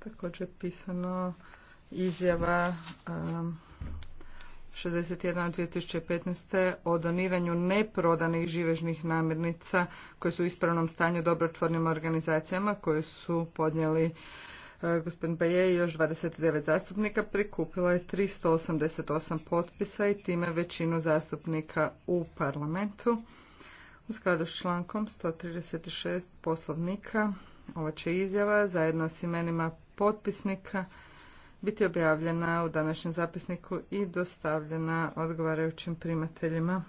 također pisano izjava 61 um, 2015. o doniranju neprodanih živežnih namirnica koje su u ispravnom stanju dobrotvornim organizacijama koje su podnijeli uh, gospodin Baje i još 29 zastupnika prikupila je 388 potpisa i time većinu zastupnika u parlamentu. U skladu s člankom 136 poslovnika ova će izjava zajedno s imenima potpisnika biti objavljena u današnjem zapisniku i dostavljena odgovarajućim primateljima.